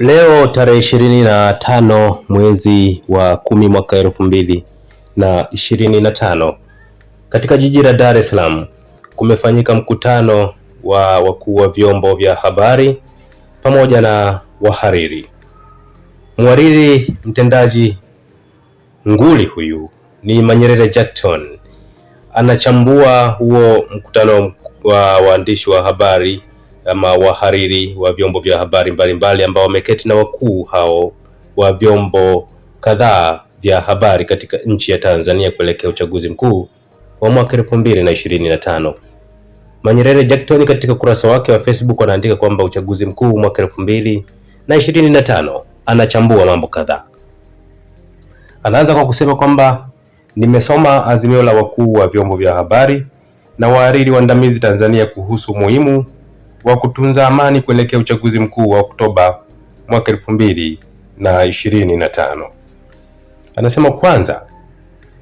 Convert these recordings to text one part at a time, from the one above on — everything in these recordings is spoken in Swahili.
Leo tarehe ishirini na tano mwezi wa kumi mwaka elfu mbili na ishirini na tano katika jiji la Dar es Salaam kumefanyika mkutano wa wakuu wa vyombo vya habari pamoja na wahariri. Mhariri mtendaji nguli huyu ni Manyerere Jackton, anachambua huo mkutano wa waandishi wa habari ama wahariri wa vyombo vya habari mbalimbali ambao wameketi na wakuu hao wa vyombo kadhaa vya habari katika nchi ya Tanzania kuelekea uchaguzi mkuu wa mwaka elfu mbili na ishirini na tano. Manyerere Jackton katika ukurasa wake wa Facebook anaandika kwamba uchaguzi mkuu mwaka elfu mbili na ishirini na tano. Anachambua mambo kadhaa. Anaanza kwa kusema kwamba nimesoma azimio la wakuu wa vyombo vya habari na wahariri waandamizi Tanzania kuhusu umuhimu wa kutunza amani kuelekea uchaguzi mkuu wa Oktoba mwaka elfu mbili na ishirini na tano. Anasema kwanza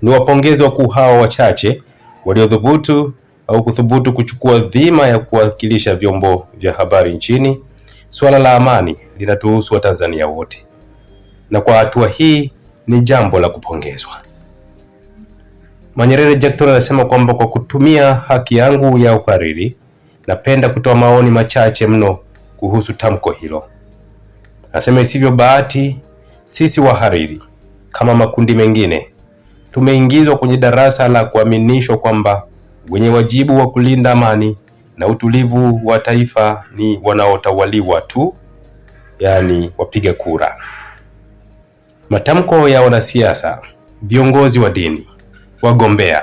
ni wapongeze wakuu hao wachache waliodhubutu au kuthubutu kuchukua dhima ya kuwakilisha vyombo vya habari nchini. Suala la amani linatuhusu Watanzania wote, na kwa hatua hii ni jambo la kupongezwa. Manyerere Jackton anasema kwamba kwa kutumia haki yangu ya uhariri Napenda kutoa maoni machache mno kuhusu tamko hilo. Nasema isivyo bahati, sisi wahariri kama makundi mengine tumeingizwa kwenye darasa la kuaminishwa kwamba wenye wajibu wa kulinda amani na utulivu wa taifa ni wanaotawaliwa tu, yaani wapiga kura. Matamko ya wanasiasa, viongozi wa dini, wagombea,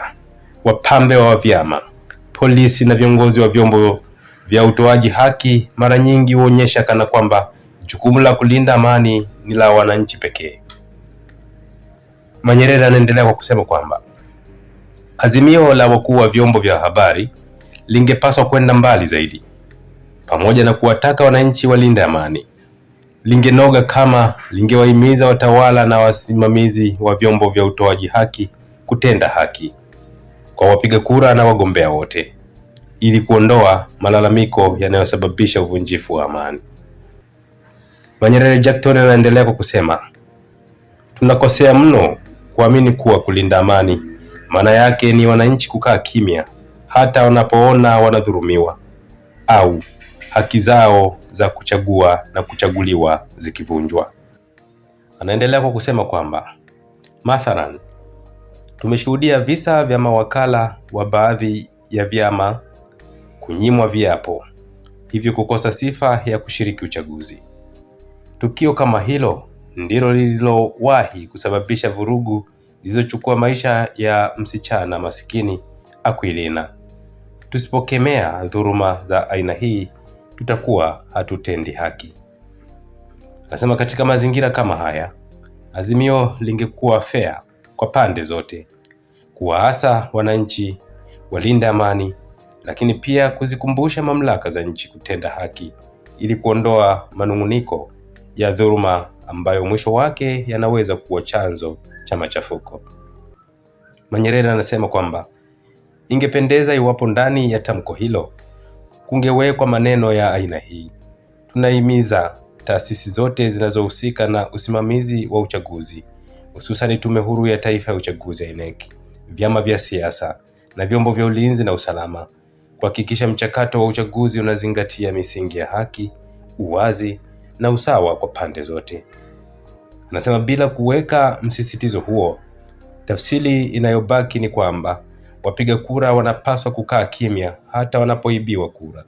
wapambe wa vyama polisi na viongozi wa vyombo vya utoaji haki mara nyingi huonyesha kana kwamba jukumu la kulinda amani ni la wananchi pekee. Manyerere anaendelea kwa kusema kwamba azimio la wakuu wa vyombo vya habari lingepaswa kwenda mbali zaidi, pamoja na kuwataka wananchi walinde amani. Lingenoga kama lingewahimiza watawala na wasimamizi wa vyombo vya utoaji haki kutenda haki kwa wapiga kura na wagombea wote ili kuondoa malalamiko yanayosababisha uvunjifu wa amani. Manyerere Jackton anaendelea kwa kusema, tunakosea mno kuamini kuwa kulinda amani maana yake ni wananchi kukaa kimya hata wanapoona wanadhulumiwa au haki zao za kuchagua na kuchaguliwa zikivunjwa. Anaendelea kwa kusema kwamba mathalan, Tumeshuhudia visa vya mawakala wa baadhi ya vyama kunyimwa viapo, hivyo kukosa sifa ya kushiriki uchaguzi. Tukio kama hilo ndilo lililowahi kusababisha vurugu zilizochukua maisha ya msichana masikini akwilina Tusipokemea dhuruma za aina hii, tutakuwa hatutendi haki. Anasema katika mazingira kama haya, azimio lingekuwa fair kwa pande zote, kuwaasa wananchi walinde amani, lakini pia kuzikumbusha mamlaka za nchi kutenda haki ili kuondoa manung'uniko ya dhuluma ambayo mwisho wake yanaweza kuwa chanzo cha machafuko. Manyerere anasema kwamba ingependeza iwapo ndani ya tamko hilo kungewekwa maneno ya aina hii: tunahimiza taasisi zote zinazohusika na usimamizi wa uchaguzi hususani Tume Huru ya Taifa ya Uchaguzi INEC, vyama vya siasa na vyombo vya ulinzi na usalama kuhakikisha mchakato wa uchaguzi unazingatia misingi ya haki, uwazi na usawa kwa pande zote. Anasema bila kuweka msisitizo huo, tafsiri inayobaki ni kwamba wapiga kura wanapaswa kukaa kimya hata wanapoibiwa kura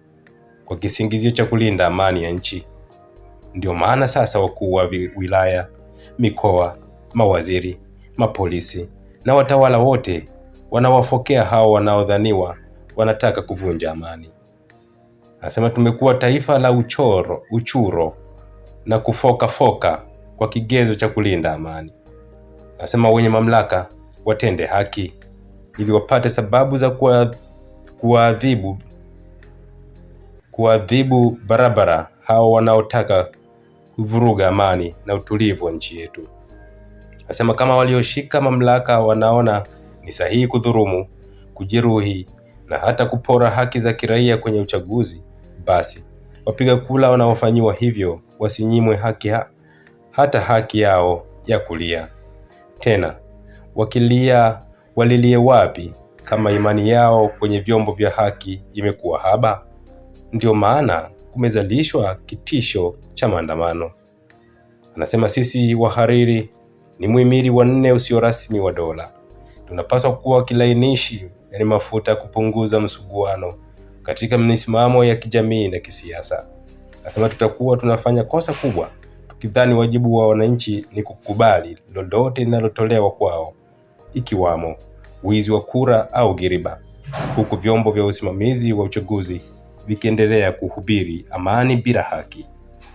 kwa kisingizio cha kulinda amani ya nchi. Ndio maana sasa wakuu wa wilaya, mikoa mawaziri, mapolisi na watawala wote wanawafokea hao wanaodhaniwa wanataka kuvunja amani. Anasema tumekuwa taifa la uchoro, uchuro na kufokafoka kwa kigezo cha kulinda amani. Anasema wenye mamlaka watende haki ili wapate sababu za kuadhibu kuadhibu barabara hao wanaotaka kuvuruga amani na utulivu wa nchi yetu. Asema kama walioshika mamlaka wanaona ni sahihi kudhurumu, kujeruhi na hata kupora haki za kiraia kwenye uchaguzi, basi wapiga kura wanaofanyiwa hivyo wasinyimwe haki ha hata haki yao ya kulia. Tena wakilia walilie wapi kama imani yao kwenye vyombo vya haki imekuwa haba? ndio maana kumezalishwa kitisho cha maandamano. Anasema sisi wahariri ni muhimili wa nne usio rasmi wa dola. Tunapaswa kuwa kilainishi, yaani mafuta ya kupunguza msuguano katika misimamo ya kijamii na kisiasa. Nasema tutakuwa tunafanya kosa kubwa tukidhani wajibu wa wananchi ni kukubali lolote linalotolewa kwao, ikiwamo wizi wa kura au giriba, huku vyombo vya usimamizi wa uchaguzi vikiendelea kuhubiri amani bila haki.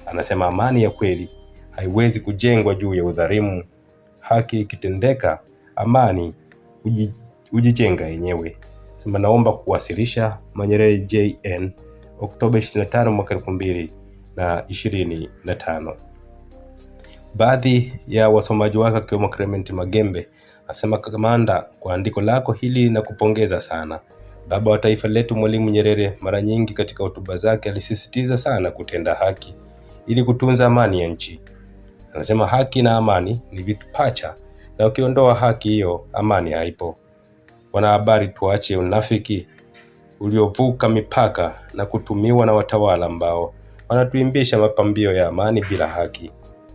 Anasema amani ya kweli haiwezi kujengwa juu ya udhalimu haki ikitendeka, amani hujijenga yenyewe. Sema naomba kuwasilisha Manyerere JN Oktoba 25 mwaka 2025. Baadhi ya wasomaji wake akiwemo Clement Magembe asema, kamanda, kwa andiko lako hili na kupongeza sana. Baba wa taifa letu Mwalimu Nyerere mara nyingi katika hotuba zake alisisitiza sana kutenda haki ili kutunza amani ya nchi. Anasema haki na amani ni vitu pacha, na ukiondoa haki hiyo, amani haipo. Wanahabari, tuache unafiki uliovuka mipaka na kutumiwa na watawala ambao wanatuimbisha mapambio ya amani bila haki.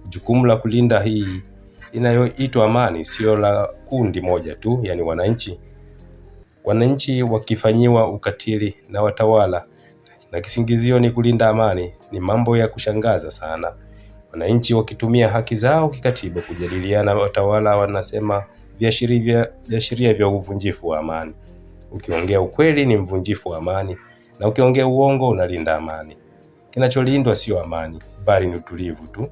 Jukumu la kulinda hii inayoitwa amani sio la kundi moja tu, yani wananchi. Wananchi wakifanyiwa ukatili na watawala na kisingizio ni kulinda amani, ni mambo ya kushangaza sana wananchi wakitumia haki zao kikatiba kujadiliana. Watawala wanasema viashiria vya, vya uvunjifu wa amani. Ukiongea ukweli ni mvunjifu wa amani na ukiongea uongo unalinda amani. Kinacholindwa sio amani, bali ni utulivu tu.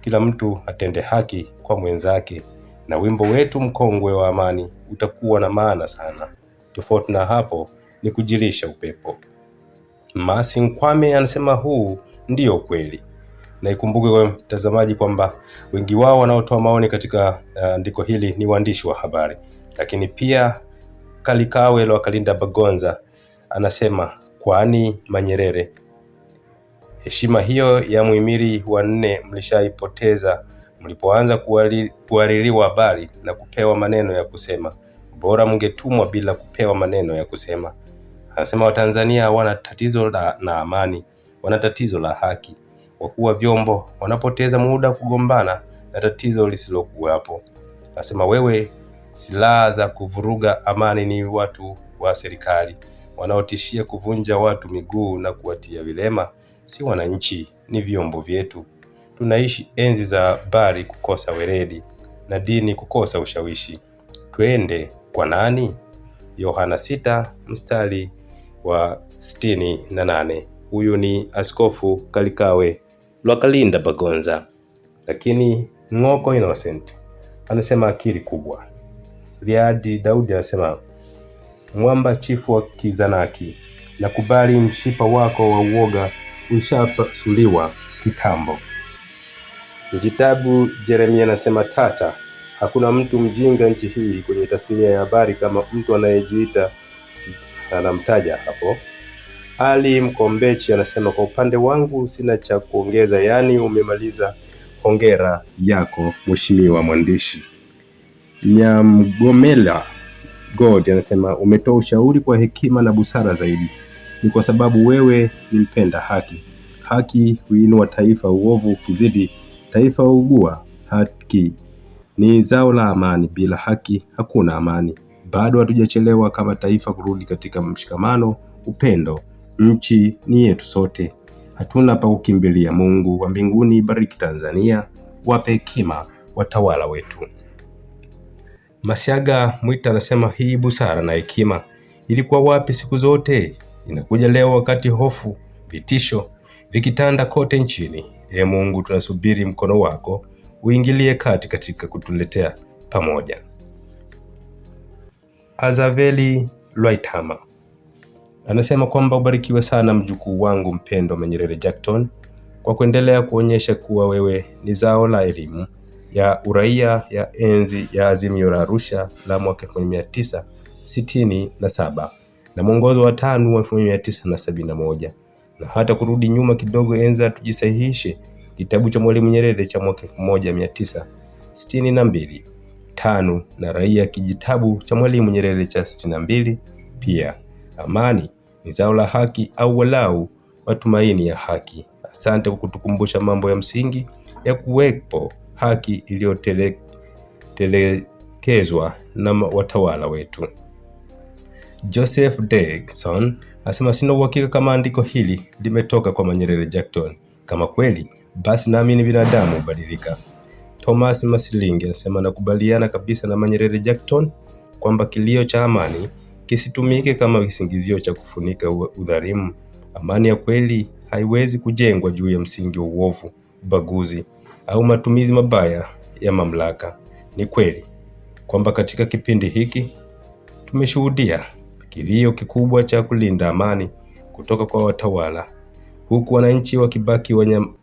Kila mtu atende haki kwa mwenzake, na wimbo wetu mkongwe wa amani utakuwa na maana sana. Tofauti na hapo ni kujilisha upepo. Masi Nkwame anasema huu ndio kweli na ikumbuke kwa mtazamaji kwamba wengi wao wanaotoa maoni katika eh, andiko uh, hili ni waandishi wa habari, lakini pia Kalikawe lwa Kalinda Bagonza anasema kwani Manyerere heshima hiyo ya muhimili wa nne mlishaipoteza mlipoanza kuhaririwa habari na kupewa maneno ya kusema. Bora mngetumwa bila kupewa maneno ya kusema. Anasema Watanzania wana tatizo la na amani, wana tatizo la haki, kwa kuwa vyombo wanapoteza muda kugombana na tatizo lisilokuwapo. Nasema wewe, silaha za kuvuruga amani ni watu wa serikali wanaotishia kuvunja watu miguu na kuwatia vilema, si wananchi, ni vyombo vyetu. Tunaishi enzi za habari kukosa weledi na dini kukosa ushawishi. Twende kwa nani? Yohana sita mstari wa sitini na nane huyu ni Askofu Kalikawe Lwakalinda Bagonza. Lakini Ng'oko Innocent anasema akili kubwa. Riadi Daudi anasema mwamba chifu wa Kizanaki, nakubali mshipa wako wa uoga ushapasuliwa kitambo. Mjitabu Jeremia anasema tata, hakuna mtu mjinga nchi hii kwenye tasnia ya habari kama mtu anayejiita si, anamtaja hapo ali Mkombechi anasema kwa upande wangu sina cha kuongeza, yaani umemaliza. Hongera yako mheshimiwa mwandishi. Nyamgomela God anasema umetoa ushauri kwa hekima na busara zaidi, ni kwa sababu wewe ni mpenda haki. Haki huinua taifa, uovu ukizidi taifa ugua Haki ni zao la amani, bila haki hakuna amani. Bado hatujachelewa kama taifa kurudi katika mshikamano, upendo Nchi ni yetu sote, hatuna pa kukimbilia. Mungu wa mbinguni, bariki Tanzania, wape hekima watawala wetu. Mashaga Mwita anasema hii busara na hekima ilikuwa wapi siku zote? Inakuja leo wakati hofu, vitisho vikitanda kote nchini. E Mungu, tunasubiri mkono wako uingilie kati katika kutuletea pamoja. Azaveli Lwaitama Anasema kwamba ubarikiwe sana mjukuu wangu mpendwa Manyerere Jackton kwa kuendelea kuonyesha kuwa wewe ni zao la elimu ya uraia ya enzi ya Azimio la Arusha la mwaka 1967 na mwongozo wa tano wa 1971 na hata kurudi nyuma kidogo ya tujisahihishe kitabu cha Mwalimu Nyerere cha mwaka 1962 tano na raia kijitabu cha Mwalimu Nyerere cha 62 pia. Amani ni zao la haki au walau matumaini ya haki. Asante kwa kutukumbusha mambo ya msingi ya kuwepo haki iliyotelekezwa na watawala wetu. Joseph Dickson asema sina uhakika kama andiko hili limetoka kwa Manyerere Jackton. Kama kweli basi, naamini binadamu hubadilika. Thomas Masilingi anasema nakubaliana kabisa na Manyerere Jackton kwamba kilio cha amani kisitumike kama kisingizio cha kufunika udhalimu. Amani ya kweli haiwezi kujengwa juu ya msingi wa uovu, ubaguzi au matumizi mabaya ya mamlaka. Ni kweli kwamba katika kipindi hiki tumeshuhudia kilio kikubwa cha kulinda amani kutoka kwa watawala, huku wananchi wakibaki wanyam,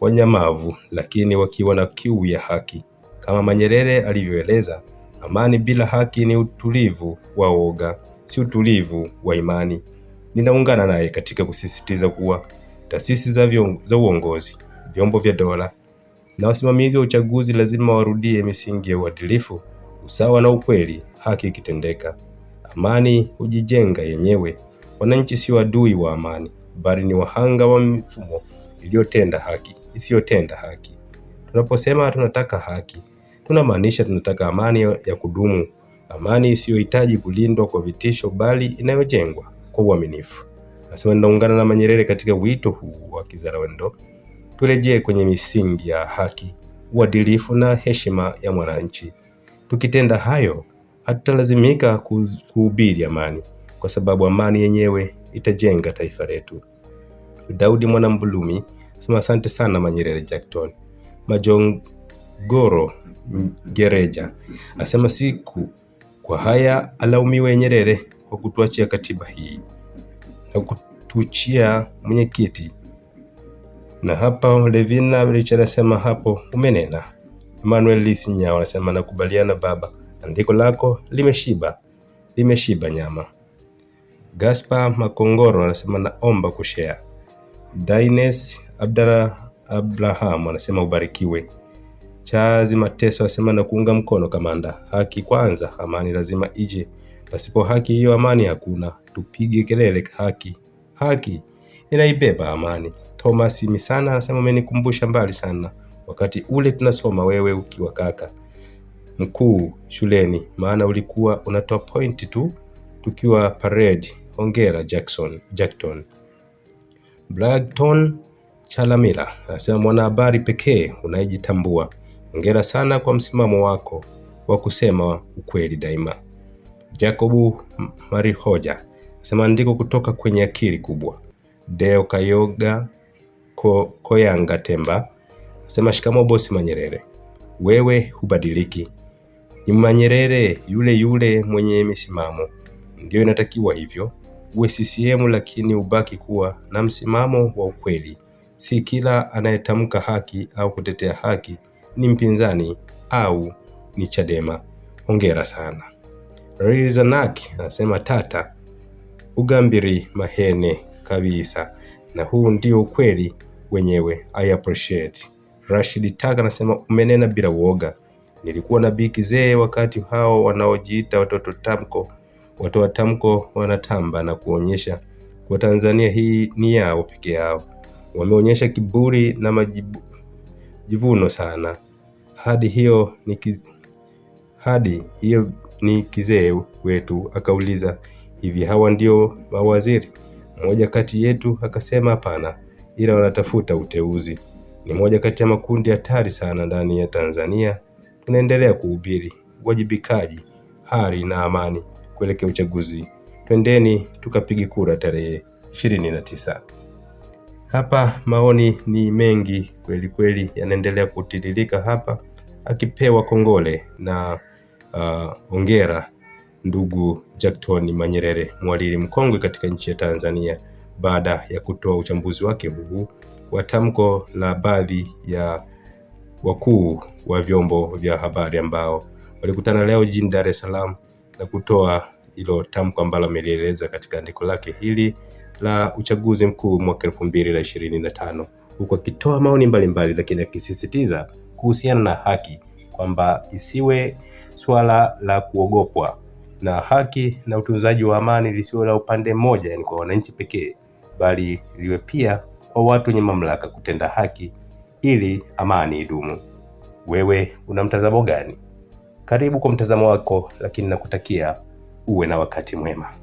wanyamavu lakini wakiwa na kiu ya haki, kama Manyerere alivyoeleza Amani bila haki ni utulivu wa woga, si utulivu wa imani. Ninaungana naye katika kusisitiza kuwa taasisi za, za uongozi, vyombo vya dola na wasimamizi wa uchaguzi lazima warudie misingi ya uadilifu, usawa na ukweli, haki ikitendeka. Amani hujijenga yenyewe. Wananchi sio adui wa amani, bali ni wahanga wa mifumo iliyotenda haki isiyotenda haki. Tunaposema tunataka haki, tunamaanisha tunataka amani ya kudumu, amani isiyohitaji kulindwa kwa vitisho, bali inayojengwa kwa uaminifu. Nasema ninaungana na Manyerere katika wito huu wa kizalendo, turejee kwenye misingi ya haki, uadilifu na heshima ya mwananchi. Tukitenda hayo, hatutalazimika kuhubiri amani, kwa sababu amani yenyewe itajenga taifa letu. Daudi mwanambulumi asema asante sana Manyerere Jackton Majong Goro Gereja asema siku kwa haya alaumiwe Nyerere kwa kutuachia katiba hii na kutuchia mwenyekiti. Na hapa Levina Richard asema hapo umenena. Emmanuel Lisinya anasema nakubaliana baba, andiko lako limeshiba, limeshiba nyama. Gaspar Makongoro anasema naomba kushare. Daines Abdara Abraham anasema ubarikiwe. Chazi Mateso asema na kuunga mkono kamanda, haki kwanza, amani lazima ije. Pasipo haki hiyo amani hakuna. Tupige kelele haki, haki inaibeba amani. Thomas Misana anasema umenikumbusha mbali sana, wakati ule tunasoma wewe ukiwa kaka mkuu shuleni, maana ulikuwa unatoa point tu tukiwa parade. Hongera Jackson Jackton Blackton Chalamila anasema mwanahabari pekee unayejitambua. Hongera sana kwa msimamo wako wa kusema ukweli daima. Jacobu Marihoja asema andiko kutoka kwenye akili kubwa. Deo Kayoga Ko, Koyanga Temba asema shikamo bosi Manyerere, wewe hubadiliki. Ni Manyerere yule yule mwenye misimamo, ndiyo inatakiwa hivyo uwe CCM lakini ubaki kuwa na msimamo wa ukweli. Si kila anayetamka haki au kutetea haki ni mpinzani au ni Chadema. Hongera sana. Rilzanak anasema tata ugambiri mahene kabisa, na huu ndio ukweli wenyewe. I appreciate. Rashid anasema umenena bila uoga. Nilikuwa na biki zee wakati hao wanaojiita watoto tamko watoa tamko wanatamba na kuonyesha kwa Tanzania hii ni yao peke yao. Wameonyesha kiburi na majibu, jivuno sana. Hadi hiyo ni kiz... hadi hiyo ni kizee wetu akauliza, hivi hawa ndio mawaziri? Mmoja kati yetu akasema, hapana, ila wanatafuta uteuzi. Ni moja kati ya makundi hatari sana ndani ya Tanzania. Tunaendelea kuhubiri uwajibikaji, hali na amani kuelekea uchaguzi. Twendeni tukapige kura tarehe ishirini na tisa. Hapa maoni ni mengi kweli kweli, yanaendelea kutiririka hapa, akipewa kongole na uh, ongera ndugu Jackton Manyerere, mhariri mkongwe katika nchi ya Tanzania, baada ya kutoa uchambuzi wake huu wa tamko la baadhi ya wakuu wa vyombo vya habari ambao walikutana leo jijini Dar es Salaam na kutoa hilo tamko ambalo amelieleza katika andiko lake hili la uchaguzi mkuu mwaka elfu mbili ishirini na tano huku akitoa maoni mbalimbali, lakini akisisitiza kuhusiana na haki kwamba isiwe swala la kuogopwa na haki na utunzaji wa amani lisiwe la upande mmoja, yani kwa wananchi pekee, bali liwe pia kwa watu wenye mamlaka kutenda haki ili amani idumu. Wewe una mtazamo gani? Karibu kwa mtazamo wako, lakini nakutakia uwe na wakati mwema.